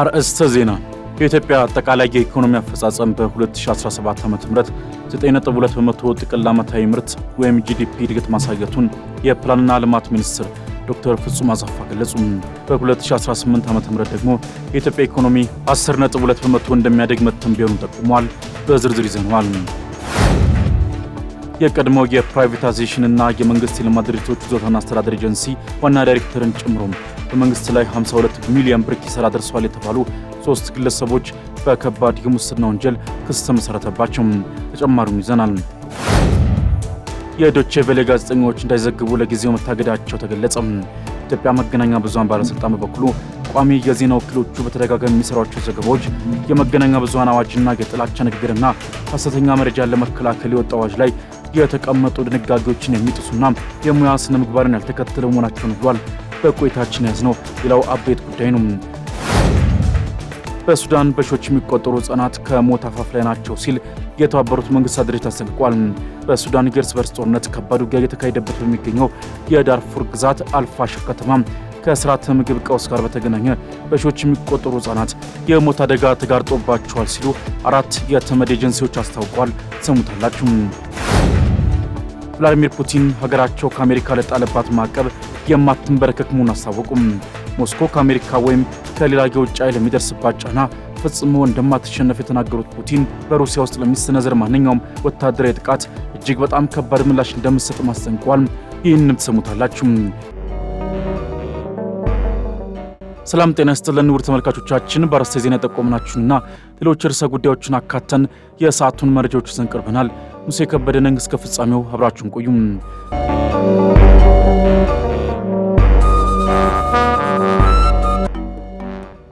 አርእስተ ዜና የኢትዮጵያ አጠቃላይ የኢኮኖሚ አፈጻጸም በ2017 ዓ.ም 9.2 በመቶ ጥቅል ዓመታዊ ምርት ወይም ጂዲፒ እድገት ማሳየቱን የፕላንና ልማት ሚኒስትር ዶክተር ፍጹም አሰፋ ገለጹ። በ2018 ዓ.ም ደግሞ የኢትዮጵያ ኢኮኖሚ 10.2 በመቶ እንደሚያደግ መተንበዩን ጠቁሟል። በዝርዝር ይዘነዋል። የቀድሞ የፕራይቬታይዜሽንና የመንግስት የልማት ድርጅቶች ይዞታና አስተዳደር ኤጀንሲ ዋና ዳይሬክተርን ጨምሮም በመንግስት ላይ 52 ሚሊዮን ብር ኪሳራ ደርሰዋል የተባሉ ሶስት ግለሰቦች በከባድ የሙስና ወንጀል ክስ ተመሰረተባቸው። ተጨማሪውን ይዘናል። የዶቼ ቬሌ ጋዜጠኞች እንዳይዘግቡ ለጊዜው መታገዳቸው ተገለጸ። ኢትዮጵያ መገናኛ ብዙሃን ባለስልጣን በበኩሉ ቋሚ የዜና ወኪሎቹ በተደጋጋሚ የሚሰሯቸው ዘገባዎች የመገናኛ ብዙሃን አዋጅና የጥላቻ ንግግርና ሐሰተኛ መረጃን ለመከላከል የወጣ አዋጅ ላይ የተቀመጡ ድንጋጌዎችን የሚጥሱና የሙያ ስነ ምግባርን ያልተከተለ መሆናቸውን ብሏል። በቆይታችን ያዝ ነው ሌላው አበይት ጉዳይ ነው። በሱዳን በሺዎች የሚቆጠሩ ህጻናት ከሞት አፋፍ ላይ ናቸው ሲል የተባበሩት መንግስታት ድርጅት አስጠንቅቋል። በሱዳን የእርስ በርስ ጦርነት ከባድ ውጊያ እየተካሄደበት በሚገኘው የዳርፉር ግዛት አልፋሽር ከተማ ከስርዓተ ምግብ ቀውስ ጋር በተገናኘ በሺዎች የሚቆጠሩ ህጻናት የሞት አደጋ ተጋርጦባቸዋል ሲሉ አራት የተመድ ኤጀንሲዎች አስታውቋል። ሰሙታላችሁ። ቭላዲሚር ፑቲን ሀገራቸው ከአሜሪካ ለጣለባት ማዕቀብ የማትንበረከክ መሆኑን አሳወቁም። ሞስኮ ከአሜሪካ ወይም ከሌላ የውጭ ኃይል የሚደርስባት ጫና ፈጽሞ እንደማትሸነፍ የተናገሩት ፑቲን በሩሲያ ውስጥ ለሚሰነዘር ማንኛውም ወታደራዊ ጥቃት እጅግ በጣም ከባድ ምላሽ እንደምትሰጥ ማስጠንቀዋል። ይህንም ትሰሙታላችሁ። ሰላም ጤና ይስጥልን ውድ ተመልካቾቻችን፣ በአርዕስተ ዜና የጠቆምናችሁንና ሌሎች ርዕሰ ጉዳዮችን አካተን የሰዓቱን መረጃዎች ይዘን ቀርበናል። ሙሴ ከበደ ነኝ። እስከ ፍጻሜው አብራችሁን ቆዩም።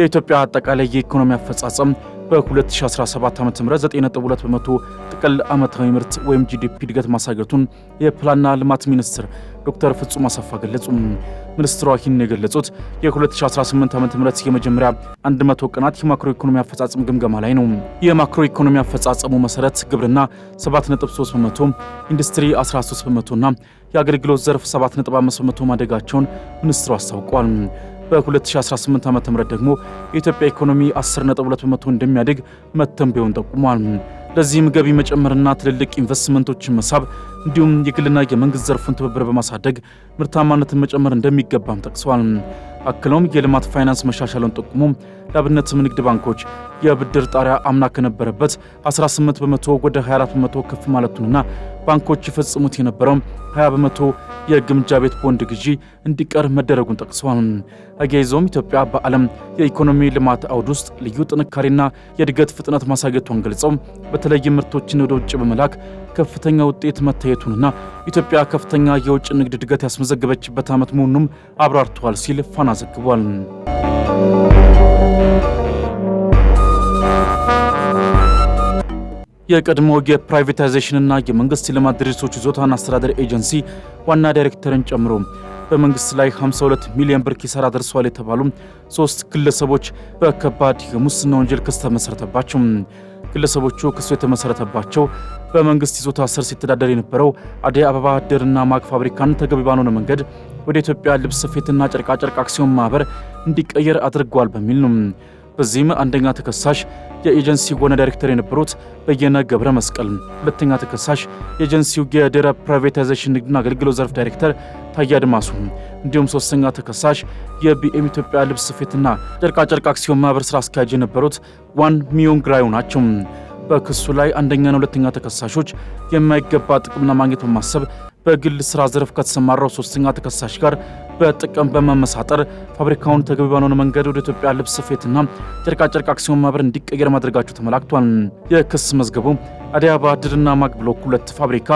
የኢትዮጵያ አጠቃላይ የኢኮኖሚ አፈጻጸም በ2017 ዓ.ም 9.2 በመቶ ጥቅል ዓመታዊ ምርት ወይም ጂዲፒ እድገት ማሳየቱን የፕላንና ልማት ሚኒስትር ዶክተር ፍጹም አሰፋ ገለጹ። ሚኒስትሯ ይህን የገለጹት የ2018 ዓ.ም ም የመጀመሪያ 100 ቀናት የማክሮ ኢኮኖሚ አፈጻጸም ግምገማ ላይ ነው። የማክሮ ኢኮኖሚ አፈጻጸሙ መሰረት ግብርና 7.3 በመቶ፣ ኢንዱስትሪ 13 እና የአገልግሎት ዘርፍ 7.5 በመቶ ማደጋቸውን ሚኒስትሩ አስታውቋል። በ2018 ዓ ም ደግሞ የኢትዮጵያ ኢኮኖሚ 10.2 በመቶ እንደሚያድግ መተንበዩን ጠቁሟል። ለዚህም ገቢ መጨመርና ትልልቅ ኢንቨስትመንቶችን መሳብ እንዲሁም የግልና የመንግስት ዘርፉን ትብብር በማሳደግ ምርታማነትን መጨመር እንደሚገባም ጠቅሰዋል። አክለውም የልማት ፋይናንስ መሻሻሉን ጠቁሞ ለአብነትም ንግድ ባንኮች የብድር ጣሪያ አምና ከነበረበት 18 በመቶ ወደ 24 በመቶ ከፍ ማለቱንና ባንኮች ይፈጽሙት የነበረው 20 በመቶ የግምጃ ቤት ቦንድ ግዢ እንዲቀር መደረጉን ጠቅሰዋል። አያይዘውም ኢትዮጵያ በዓለም የኢኮኖሚ ልማት አውድ ውስጥ ልዩ ጥንካሬና የእድገት ፍጥነት ማሳየቷን ገልጸው በተለይ ምርቶችን ወደ ውጭ በመላክ ከፍተኛ ውጤት መታየቱንና ኢትዮጵያ ከፍተኛ የውጭ ንግድ እድገት ያስመዘገበችበት ዓመት መሆኑንም አብራርተዋል ሲል ፋና ዘግቧል። የቀድሞው የፕራይቬታይዜሽንና የመንግስት ልማት ድርጅቶች ይዞታና አስተዳደር ኤጀንሲ ዋና ዳይሬክተርን ጨምሮ በመንግስት ላይ 52 ሚሊዮን ብር ኪሳራ ደርሰዋል የተባሉ ሶስት ግለሰቦች በከባድ የሙስና ወንጀል ክስ ተመሰረተባቸው። ግለሰቦቹ ክሱ የተመሰረተባቸው። በመንግስት ይዞታ ስር ሲተዳደር የነበረው አደይ አበባ ድርና ማግ ፋብሪካን ተገቢ ባልሆነ መንገድ ወደ ኢትዮጵያ ልብስ ስፌትና ጨርቃጨርቅ አክሲዮን ማህበር እንዲቀየር አድርጓል በሚል ነው። በዚህም አንደኛ ተከሳሽ የኤጀንሲ ዋና ዳይሬክተር የነበሩት በየነ ገብረ መስቀል፣ ሁለተኛ ተከሳሽ የኤጀንሲው የድህረ ፕራይቬታይዜሽን ንግድና አገልግሎት ዘርፍ ዳይሬክተር ታዬ አድማሱ፣ እንዲሁም ሶስተኛ ተከሳሽ የቢኤም ኢትዮጵያ ልብስ ስፌትና ጨርቃጨርቅ አክሲዮን ማህበር ስራ አስኪያጅ የነበሩት ዋን ሚዮንግ ናቸው። በክሱ ላይ አንደኛና ሁለተኛ ተከሳሾች የማይገባ ጥቅም ለማግኘት በማሰብ በግል ስራ ዘርፍ ከተሰማራው ሶስተኛ ተከሳሽ ጋር በጥቅም በመመሳጠር ፋብሪካውን ተገቢ ባልሆነ መንገድ ወደ ኢትዮጵያ ልብስ ስፌትና ጨርቃጨርቅ አክሲዮን ማህበር እንዲቀየር ማድረጋቸው ተመላክቷል። የክስ መዝገቡ አዲያባ ድርና ማግ ብሎክ ሁለት ፋብሪካ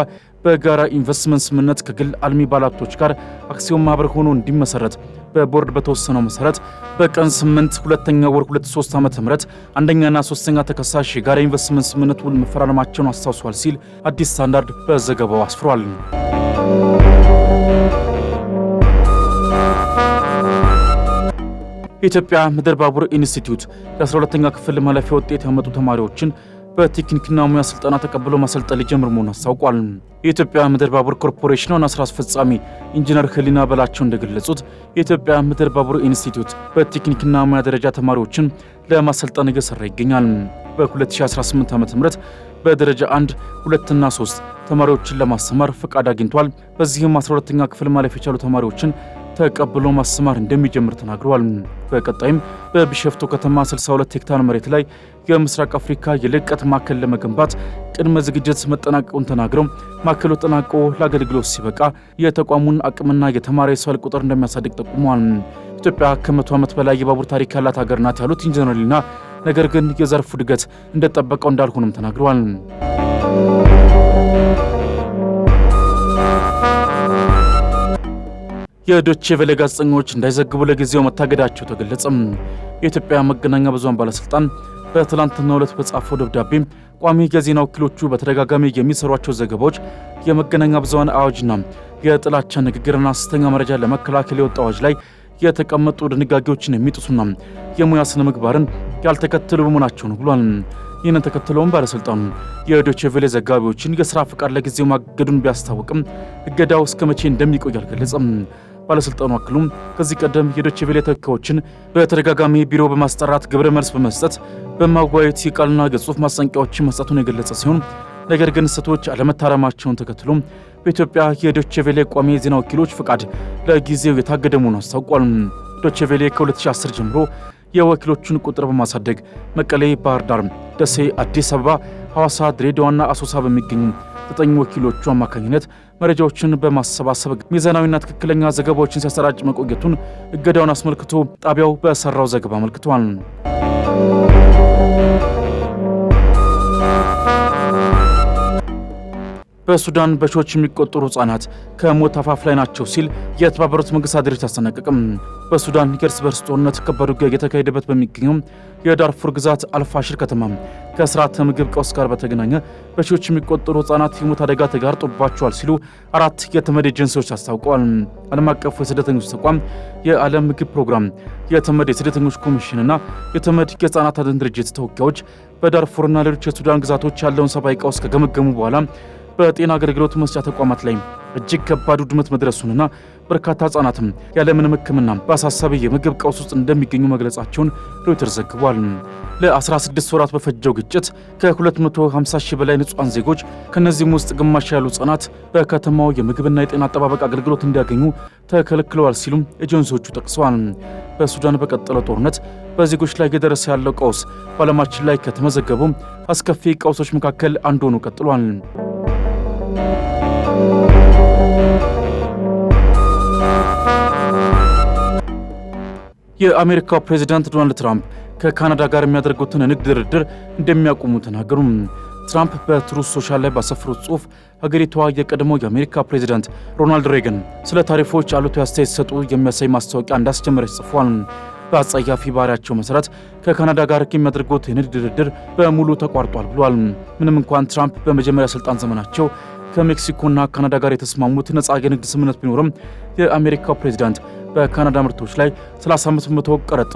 በጋራ ኢንቨስትመንት ስምምነት ከግል አልሚ ባለሀብቶች ጋር አክሲዮን ማህበር ሆኖ እንዲመሰረት በቦርድ በተወሰነው መሰረት በቀን 8 ሁለተኛ ወር 23 ዓመተ ምህረት አንደኛና ሶስተኛ ተከሳሽ የጋራ ኢንቨስትመንት ስምምነት ውል መፈራረማቸውን አስታውሷል ሲል አዲስ ስታንዳርድ በዘገባው አስፍሯል። የኢትዮጵያ ምድር ባቡር ኢንስቲትዩት የ12ኛ ክፍል ማለፊያ ውጤት ያመጡ ተማሪዎችን በቴክኒክና ሙያ ስልጠና ተቀብሎ ማሰልጠን ሊጀምር መሆኑን አስታውቋል። የኢትዮጵያ ምድር ባቡር ኮርፖሬሽን ዋና ስራ አስፈጻሚ ኢንጂነር ህሊና በላቸው እንደገለጹት የኢትዮጵያ ምድር ባቡር ኢንስቲትዩት በቴክኒክና ሙያ ደረጃ ተማሪዎችን ለማሰልጠን እየሰራ ይገኛል። በ2018 ዓ.ም በደረጃ 1 ሁለትና 3 ተማሪዎችን ለማስተማር ፈቃድ አግኝቷል። በዚህም 12ኛ ክፍል ማለፍ የቻሉ ተማሪዎችን ተቀብሎ ማስተማር እንደሚጀምር ተናግረዋል። በቀጣይም በቢሸፍቶ ከተማ 62 ሄክታር መሬት ላይ የምስራቅ አፍሪካ የልቀት ማዕከል ለመገንባት ቅድመ ዝግጅት መጠናቀቁን ተናግረው ማዕከሉ ተጠናቆ ለአገልግሎት ሲበቃ የተቋሙን አቅምና የተማረ የሰው ኃይል ቁጥር እንደሚያሳድግ ጠቁመዋል። ኢትዮጵያ ከመቶ ዓመት በላይ የባቡር ታሪክ ያላት ሀገር ናት ያሉት ኢንጂነር ሊና ነገር ግን የዘርፉ እድገት እንደጠበቀው እንዳልሆነም ተናግረዋል። የዶቼ ቬለ ጋዜጠኞች እንዳይዘግቡ ለጊዜው መታገዳቸው ተገለጸም። የኢትዮጵያ መገናኛ ብዙሃን ባለስልጣን በትላንትና ዕለት በጻፈው ደብዳቤ ቋሚ የዜና ወኪሎቹ በተደጋጋሚ የሚሰሯቸው ዘገባዎች የመገናኛ ብዙሃን አዋጅና የጥላቻ ንግግርና ሐሰተኛ መረጃ ለመከላከል የወጣ አዋጅ ላይ የተቀመጡ ድንጋጌዎችን የሚጥሱና የሙያ ስነ ምግባርን ያልተከተሉ በመሆናቸው ነው ብሏል። ይህንን ተከትለውም ባለሥልጣኑ የዶቼ ቬለ ዘጋቢዎችን የሥራ ፈቃድ ለጊዜው ማገዱን ቢያስታውቅም እገዳው እስከ መቼ እንደሚቆይ አልገለጸም። ባለስልጣኑ አክሉም ከዚህ ቀደም የዶቼ ቬለ ተወካዮችን በተደጋጋሚ ቢሮ በማስጠራት ግብረ መልስ በመስጠት በማጓየት የቃልና ገጽፍ ማስጠንቀቂያዎችን መስጠቱን የገለጸ ሲሆን ነገር ግን ስህተቶች አለመታረማቸውን ተከትሎ በኢትዮጵያ የዶቼ ቬለ ቋሚ የዜና ወኪሎች ፈቃድ ለጊዜው የታገደ መሆኑ አስታውቋል። ዶቼ ቬለ ከ2010 ጀምሮ የወኪሎቹን ቁጥር በማሳደግ መቀሌ፣ ባህር ዳር፣ ደሴ፣ አዲስ አበባ ሐዋሳ፣ ድሬዳዋና አሶሳ በሚገኙ ዘጠኝ ወኪሎቹ አማካኝነት መረጃዎችን በማሰባሰብ ሚዛናዊና ትክክለኛ ዘገባዎችን ሲያሰራጭ መቆየቱን እገዳውን አስመልክቶ ጣቢያው በሰራው ዘገባ አመልክቷል። በሱዳን በሺዎች የሚቆጠሩ ህጻናት ከሞት አፋፍ ላይ ናቸው ሲል የተባበሩት መንግስታት ድርጅት አስጠነቀቅም። በሱዳን የእርስ በርስ ጦርነት ከባድ ውጊያ እየተካሄደበት በሚገኘው የዳርፉር ግዛት አልፋሽር ከተማ ከስርዓተ ምግብ ቀውስ ጋር በተገናኘ በሺዎች የሚቆጠሩ ህጻናት የሞት አደጋ ተጋርጦባቸዋል ሲሉ አራት የተመድ ኤጀንሲዎች አስታውቀዋል። ዓለም አቀፉ የስደተኞች ተቋም፣ የዓለም ምግብ ፕሮግራም፣ የተመድ የስደተኞች ኮሚሽንና የተመድ የህጻናት አድን ድርጅት ተወካዮች በዳርፉርና ሌሎች የሱዳን ግዛቶች ያለውን ሰብአዊ ቀውስ ከገመገሙ በኋላ በጤና አገልግሎት መስጫ ተቋማት ላይ እጅግ ከባድ ውድመት መድረሱንና በርካታ ሕጻናትም ያለምንም ሕክምና በአሳሳቢ የምግብ ቀውስ ውስጥ እንደሚገኙ መግለጻቸውን ሮይተር ዘግቧል። ለ16 ወራት በፈጀው ግጭት ከ250 ሺህ በላይ ንጹሐን ዜጎች ከእነዚህም ውስጥ ግማሽ ያሉ ህጻናት በከተማው የምግብና የጤና አጠባበቅ አገልግሎት እንዲያገኙ ተከልክለዋል ሲሉም ኤጀንሲዎቹ ጠቅሰዋል። በሱዳን በቀጠለው ጦርነት በዜጎች ላይ የደረሰ ያለው ቀውስ በዓለማችን ላይ ከተመዘገቡ አስከፊ ቀውሶች መካከል አንዱ ሆኖ ቀጥሏል። የአሜሪካው ፕሬዚዳንት ዶናልድ ትራምፕ ከካናዳ ጋር የሚያደርጉትን ንግድ ድርድር እንደሚያቆሙ ተናገሩ። ትራምፕ በትሩዝ ሶሻል ላይ ባሰፈሩት ጽሁፍ ሀገሪቷ የቀድሞ የአሜሪካ ፕሬዚዳንት ሮናልድ ሬገን ስለ ታሪፎች አሉታዊ አስተያየት ሲሰጡ የሚያሳይ ማስታወቂያ እንዳስጀመረች ጽፏል። በአጸያፊ ባህሪያቸው መሰረት ከካናዳ ጋር የሚያደርጉት የንግድ ድርድር በሙሉ ተቋርጧል ብሏል። ምንም እንኳን ትራምፕ በመጀመሪያ ስልጣን ዘመናቸው ከሜክሲኮና ካናዳ ጋር የተስማሙት ነጻ የንግድ ስምምነት ቢኖርም የአሜሪካው ፕሬዚዳንት በካናዳ ምርቶች ላይ 35 በመቶ ቀረጥ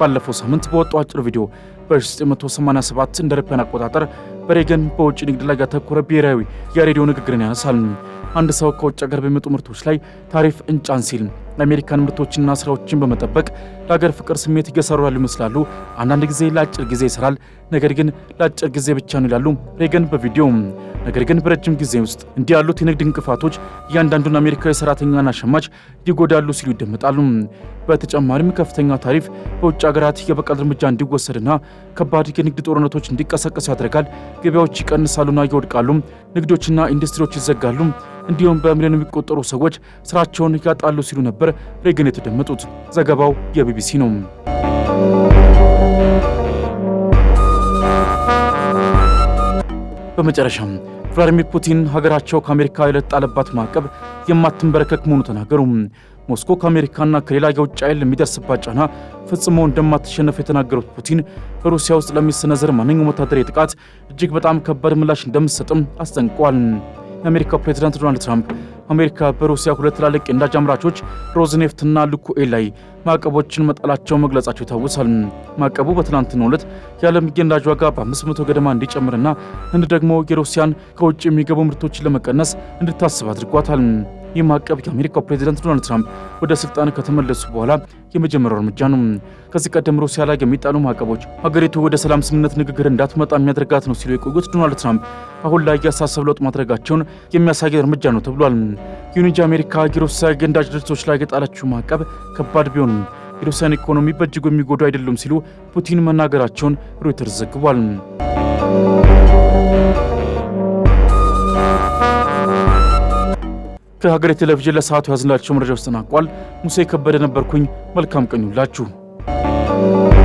ባለፈው ሳምንት በወጣው አጭር ቪዲዮ በ1987 እንደ ረፒያን አቆጣጠር በሬገን በውጭ ንግድ ላይ ያተኮረ ብሔራዊ የሬዲዮ ንግግርን ያነሳል። አንድ ሰው ከውጭ ሀገር በሚመጡ ምርቶች ላይ ታሪፍ እንጫን ሲል የአሜሪካን ምርቶችና ስራዎችን በመጠበቅ ለሀገር ፍቅር ስሜት እየሰሩ ያሉ ይመስላሉ። አንዳንድ ጊዜ ለአጭር ጊዜ ይሰራል፣ ነገር ግን ለአጭር ጊዜ ብቻ ነው ይላሉ ሬገን በቪዲዮ። ነገር ግን በረጅም ጊዜ ውስጥ እንዲህ ያሉት የንግድ እንቅፋቶች እያንዳንዱን አሜሪካዊ ሰራተኛና ሸማች ይጎዳሉ ሲሉ ይደመጣሉ። በተጨማሪም ከፍተኛ ታሪፍ በውጭ ሀገራት የበቀል እርምጃ እንዲወሰድና ከባድ የንግድ ጦርነቶች እንዲቀሰቀሱ ያደርጋል። ገበያዎች ይቀንሳሉና ይወድቃሉ። ንግዶችና ኢንዱስትሪዎች ይዘጋሉ። እንዲሁም በሚሊዮን የሚቆጠሩ ሰዎች ስራቸውን ያጣሉ ሲሉ ነበር ነበር ሬገን የተደመጡት። ዘገባው የቢቢሲ ነው። በመጨረሻም ቭላዲሚር ፑቲን ሀገራቸው ከአሜሪካ የለጣለባት ማዕቀብ የማትንበረከክ መሆኑ ተናገሩ። ሞስኮ ከአሜሪካና ከሌላ የውጭ ኃይል የሚደርስባት ጫና ፈጽሞ እንደማትሸነፍ የተናገሩት ፑቲን በሩሲያ ውስጥ ለሚሰነዘር ማንኛውም ወታደራዊ ጥቃት እጅግ በጣም ከባድ ምላሽ እንደምትሰጥም አስጠንቅቀዋል። የአሜሪካው ፕሬዚዳንት ዶናልድ ትራምፕ አሜሪካ በሩሲያ ሁለት ትላልቅ የነዳጅ አምራቾች ሮዝኔፍትና ሉኩኤል ላይ ማዕቀቦችን መጣላቸው መግለጻቸው ይታወሳል። ማዕቀቡ በትናንትናው ዕለት የዓለም የነዳጅ ዋጋ በ500 ገደማ እንዲጨምርና ህንድ ደግሞ የሩሲያን ከውጭ የሚገቡ ምርቶችን ለመቀነስ እንድታስብ አድርጓታል። ይህ ማዕቀብ የአሜሪካው ፕሬዚዳንት ዶናልድ ትራምፕ ወደ ስልጣን ከተመለሱ በኋላ የመጀመሪያው እርምጃ ነው። ከዚህ ቀደም ሩሲያ ላይ የሚጣሉ ማዕቀቦች ሀገሪቱ ወደ ሰላም ስምምነት ንግግር እንዳትመጣ የሚያደርጋት ነው ሲሉ የቆዩት ዶናልድ ትራምፕ አሁን ላይ የአሳሰብ ለውጥ ማድረጋቸውን የሚያሳይ እርምጃ ነው ተብሏል። ይሁን እንጂ አሜሪካ የሩሲያ ገንዳጅ ድርጅቶች ላይ የጣለችው ማዕቀብ ከባድ ቢሆንም የሩሲያን ኢኮኖሚ በእጅጉ የሚጎዱ አይደሉም ሲሉ ፑቲን መናገራቸውን ሮይተርስ ዘግቧል። ከሀገሬ ቴሌቪዥን ለሰዓቱ ያዝንላችሁ ውስጥ ተጠናቋል። ሙሴ ከበደ ነበርኩኝ። መልካም ቀን ይሁንላችሁ።